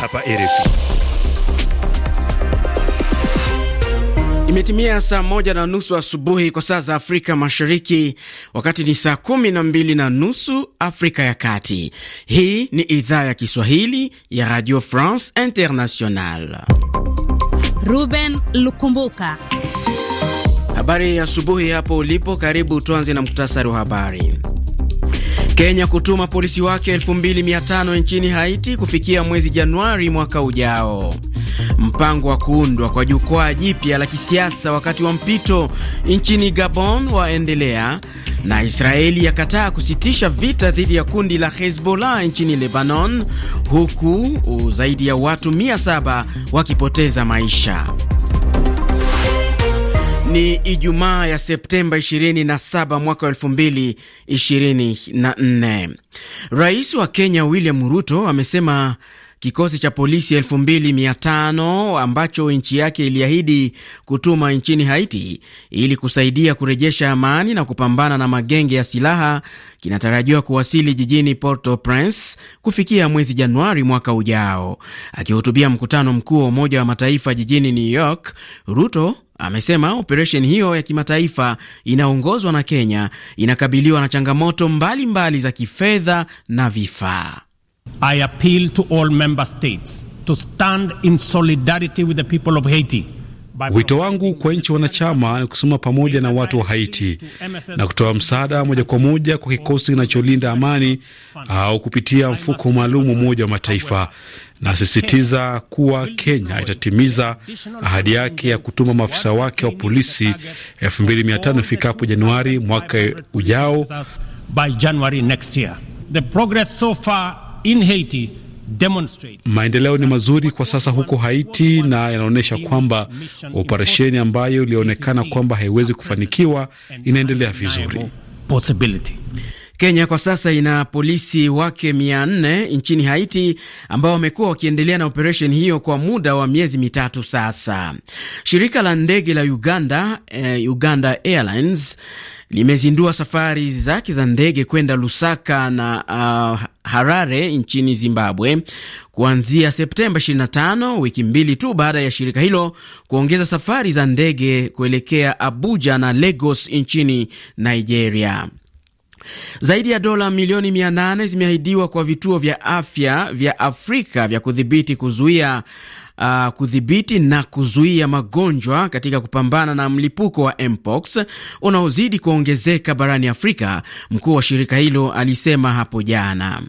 hapa RFI. Imetimia saa moja na nusu asubuhi kwa saa za Afrika Mashariki, wakati ni saa kumi na mbili na nusu Afrika ya Kati. Hii ni idhaa ya Kiswahili ya Radio France International. Ruben Lukumbuka, habari ya asubuhi hapo ulipo. Karibu tuanze na muktasari wa habari. Kenya kutuma polisi wake 2500 nchini Haiti kufikia mwezi Januari mwaka ujao. Mpango wa kuundwa kwa jukwaa jipya la kisiasa wakati wa mpito nchini Gabon waendelea, na Israeli yakataa kusitisha vita dhidi ya kundi la Hezbollah nchini Lebanon, huku zaidi ya watu 700 wakipoteza maisha. Ni Ijumaa ya Septemba 27 mwaka wa 2024. Rais wa Kenya William Ruto amesema kikosi cha polisi 2500 ambacho nchi yake iliahidi kutuma nchini Haiti ili kusaidia kurejesha amani na kupambana na magenge ya silaha kinatarajiwa kuwasili jijini Port-au-Prince kufikia mwezi Januari mwaka ujao. Akihutubia mkutano mkuu wa Umoja wa Mataifa jijini New York, Ruto Amesema operesheni hiyo ya kimataifa inaongozwa na Kenya inakabiliwa na changamoto mbalimbali mbali za kifedha na vifaa. I appeal to all member states to stand in solidarity with the people of Haiti. Wito wangu kwa nchi wanachama ni kusimama pamoja na watu wa Haiti na kutoa msaada moja kwa moja kwa kikosi kinacholinda amani au kupitia mfuko maalum Umoja wa Mataifa. Nasisitiza kuwa Kenya itatimiza ahadi yake ya kutuma maafisa wake wa polisi 2500 ifikapo Januari mwaka ujao. By January next year. The progress so far in Haiti Maendeleo ni mazuri kwa sasa huko Haiti na yanaonyesha kwamba operesheni ambayo ilionekana kwamba haiwezi kufanikiwa inaendelea vizuri. Kenya kwa sasa ina polisi wake mia nne nchini Haiti ambao wamekuwa wakiendelea na operesheni hiyo kwa muda wa miezi mitatu sasa. Shirika la ndege la Uganda eh, Uganda Airlines limezindua safari zake za ndege kwenda Lusaka na uh, Harare nchini Zimbabwe kuanzia Septemba 25, wiki mbili tu baada ya shirika hilo kuongeza safari za ndege kuelekea Abuja na Lagos nchini Nigeria. Zaidi ya dola milioni mia nane zimeahidiwa kwa vituo vya afya vya Afrika vya kudhibiti kuzuia uh, kudhibiti na kuzuia magonjwa katika kupambana na mlipuko wa mpox unaozidi kuongezeka barani Afrika, mkuu wa shirika hilo alisema hapo jana.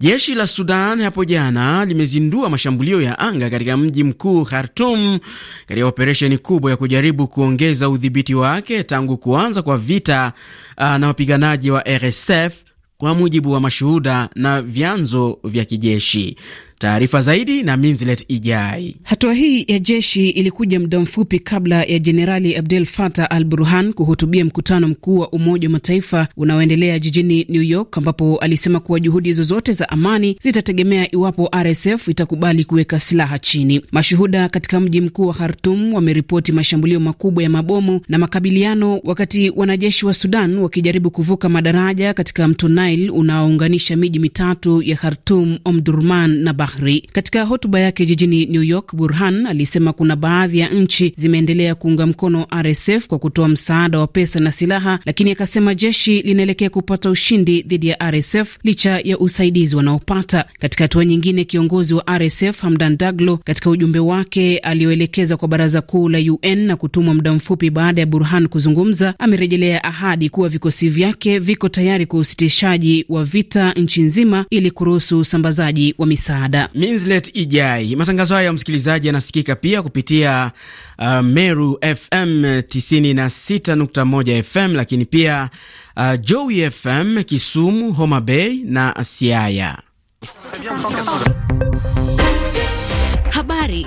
Jeshi la Sudan hapo jana limezindua mashambulio ya anga katika mji mkuu Khartum katika operesheni kubwa ya kujaribu kuongeza udhibiti wake tangu kuanza kwa vita uh, na wapiganaji wa RSF kwa mujibu wa mashuhuda na vyanzo vya kijeshi. Taarifa zaidi na Minzlet Ijai. Hatua hii ya jeshi ilikuja muda mfupi kabla ya Jenerali Abdel fatah al Burhan kuhutubia mkutano mkuu wa Umoja wa Mataifa unaoendelea jijini New York, ambapo alisema kuwa juhudi zozote za amani zitategemea iwapo RSF itakubali kuweka silaha chini. Mashuhuda katika mji mkuu wa Khartum wameripoti mashambulio makubwa ya mabomu na makabiliano, wakati wanajeshi wa Sudan wakijaribu kuvuka madaraja katika mto Nile unaounganisha miji mitatu ya Khartum, Omdurman na bah Bahri. Katika hotuba yake jijini New York, Burhan alisema kuna baadhi ya nchi zimeendelea kuunga mkono RSF kwa kutoa msaada wa pesa na silaha, lakini akasema jeshi linaelekea kupata ushindi dhidi ya RSF licha ya usaidizi wanaopata. Katika hatua nyingine, kiongozi wa RSF Hamdan Daglo, katika ujumbe wake alioelekeza kwa baraza kuu la UN na kutumwa muda mfupi baada ya Burhan kuzungumza, amerejelea ahadi kuwa vikosi vyake viko tayari kwa usitishaji wa vita nchi nzima ili kuruhusu usambazaji wa misaada. Minslet Ijai. Matangazo haya ya msikilizaji yanasikika pia kupitia uh, Meru FM 96.1 FM, lakini pia uh, Joy FM Kisumu, Homa Bay na Siaya. Habari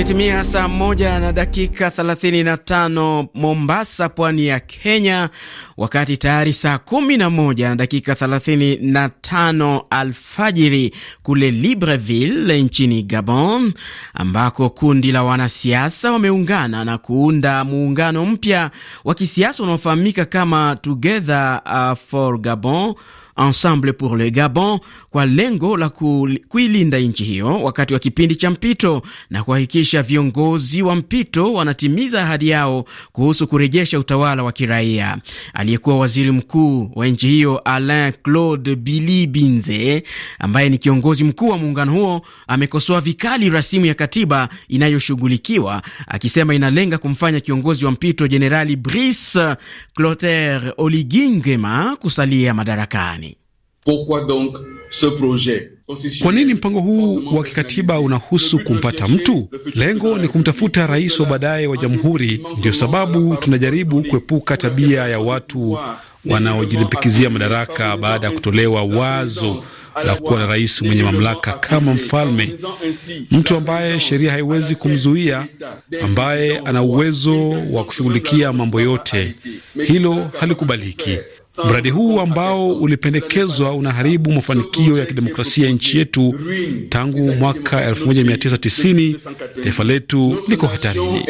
Imetimia saa moja na dakika 35 Mombasa, pwani ya Kenya, wakati tayari saa 11 na dakika 35 alfajiri kule Libreville nchini Gabon, ambako kundi la wanasiasa wameungana na kuunda muungano mpya wa kisiasa unaofahamika kama Together uh, for Gabon Ensemble pour le Gabon kwa lengo la kuilinda nchi hiyo wakati wa kipindi cha mpito na kuhakikisha viongozi wa mpito wanatimiza ahadi yao kuhusu kurejesha utawala wa kiraia. Aliyekuwa waziri mkuu wa nchi hiyo Alain Claude Billy Binze, ambaye ni kiongozi mkuu wa muungano huo, amekosoa vikali rasimu ya katiba inayoshughulikiwa akisema inalenga kumfanya kiongozi wa mpito Jenerali Brice Clotaire Oligingema kusalia madarakani. Kwa nini mpango huu wa kikatiba unahusu kumpata mtu? Lengo ni kumtafuta rais wa baadaye wa jamhuri. Ndio sababu tunajaribu kuepuka tabia ya watu wanaojilimbikizia madaraka baada ya kutolewa wazo la kuwa na rais mwenye mamlaka kama mfalme, mtu ambaye sheria haiwezi kumzuia, ambaye ana uwezo wa kushughulikia mambo yote. Hilo halikubaliki. Mradi huu ambao ulipendekezwa unaharibu mafanikio ya kidemokrasia ya nchi yetu. Tangu mwaka 1990 taifa letu liko hatarini.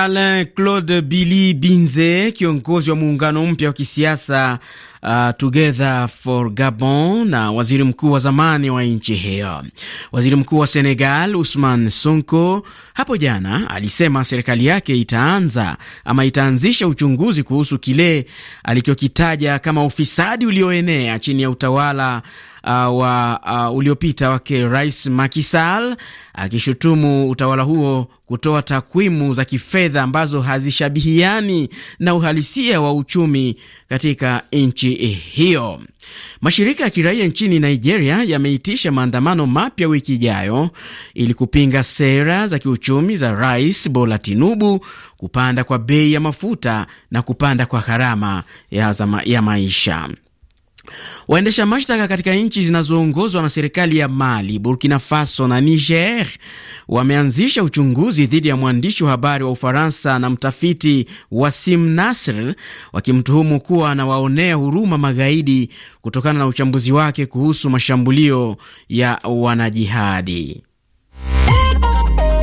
Alain Claude Billy Binze, kiongozi wa muungano mpya wa kisiasa uh, Together for Gabon na waziri mkuu wa zamani wa nchi hiyo. Waziri mkuu wa Senegal Usman Sonko hapo jana alisema serikali yake itaanza ama itaanzisha uchunguzi kuhusu kile alichokitaja kama ufisadi ulioenea chini ya utawala uh, wa uh, uliopita wake Rais Macky Sall akishutumu uh, utawala huo kutoa takwimu za kifedha ambazo hazishabihiani na uhalisia wa uchumi katika nchi hiyo. Mashirika ya kiraia nchini Nigeria yameitisha maandamano mapya wiki ijayo ili kupinga sera za kiuchumi za Rais Bola Tinubu, kupanda kwa bei ya mafuta na kupanda kwa gharama ya, ya maisha. Waendesha mashtaka katika nchi zinazoongozwa na serikali ya Mali, Burkina Faso na Niger wameanzisha uchunguzi dhidi ya mwandishi wa habari wa Ufaransa na mtafiti Wasim Nasr, wakimtuhumu kuwa anawaonea huruma magaidi kutokana na uchambuzi wake kuhusu mashambulio ya wanajihadi.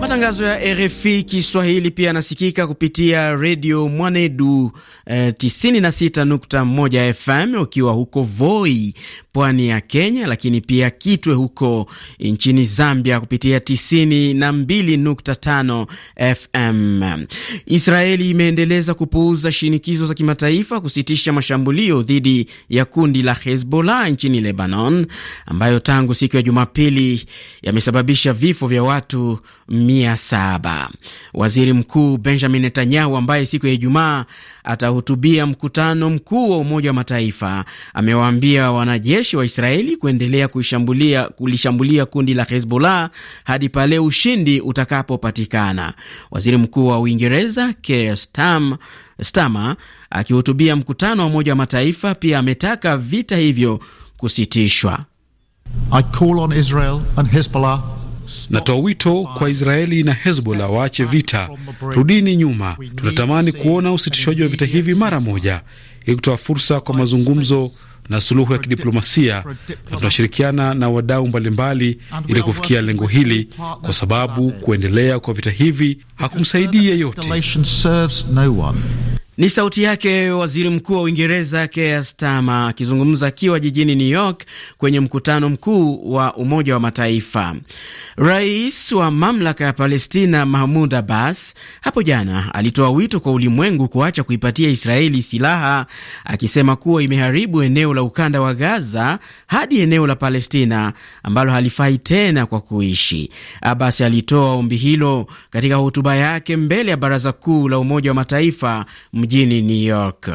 Matangazo ya RFI Kiswahili pia yanasikika kupitia redio Mwanedu eh, 96.1 FM ukiwa huko Voi, pwani ya Kenya, lakini pia Kitwe huko nchini Zambia kupitia 92.5 FM. Israeli imeendeleza kupuuza shinikizo za kimataifa kusitisha mashambulio dhidi ya kundi la Hezbollah nchini Lebanon, ambayo tangu siku ya Jumapili yamesababisha vifo vya watu mia saba. Waziri Mkuu Benjamin Netanyahu ambaye siku ya Ijumaa atahutubia mkutano mkuu wa Umoja wa Mataifa amewaambia wanajeshi wa Israeli kuendelea kulishambulia kundi la Hezbollah hadi pale ushindi utakapopatikana. Waziri Mkuu wa Uingereza Keir Starmer akihutubia mkutano wa Umoja wa Mataifa pia ametaka vita hivyo kusitishwa. I call on Israel and Hezbollah Natoa wito kwa Israeli na Hezbollah waache vita, rudini nyuma. Tunatamani kuona usitishwaji wa vita hivi mara moja, ili kutoa fursa kwa mazungumzo na suluhu ya kidiplomasia, na tunashirikiana na wadau mbalimbali ili kufikia lengo hili, kwa sababu kuendelea kwa vita hivi hakumsaidii yeyote. Ni sauti yake waziri mkuu wa Uingereza Keir Starmer akizungumza akiwa jijini New York kwenye mkutano mkuu wa Umoja wa Mataifa. Rais wa mamlaka ya Palestina Mahmud Abbas hapo jana alitoa wito kwa ulimwengu kuacha kuipatia Israeli silaha, akisema kuwa imeharibu eneo la ukanda wa Gaza hadi eneo la Palestina ambalo halifai tena kwa kuishi. Abbas alitoa ombi hilo katika hotuba yake mbele ya Baraza Kuu la Umoja wa Mataifa mjini New York.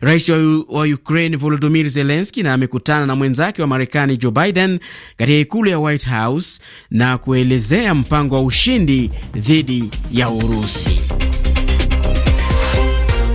Rais wa Ukraine Volodymyr Zelensky na amekutana na mwenzake wa Marekani Joe Biden katika ikulu ya White House na kuelezea mpango wa ushindi dhidi ya Urusi.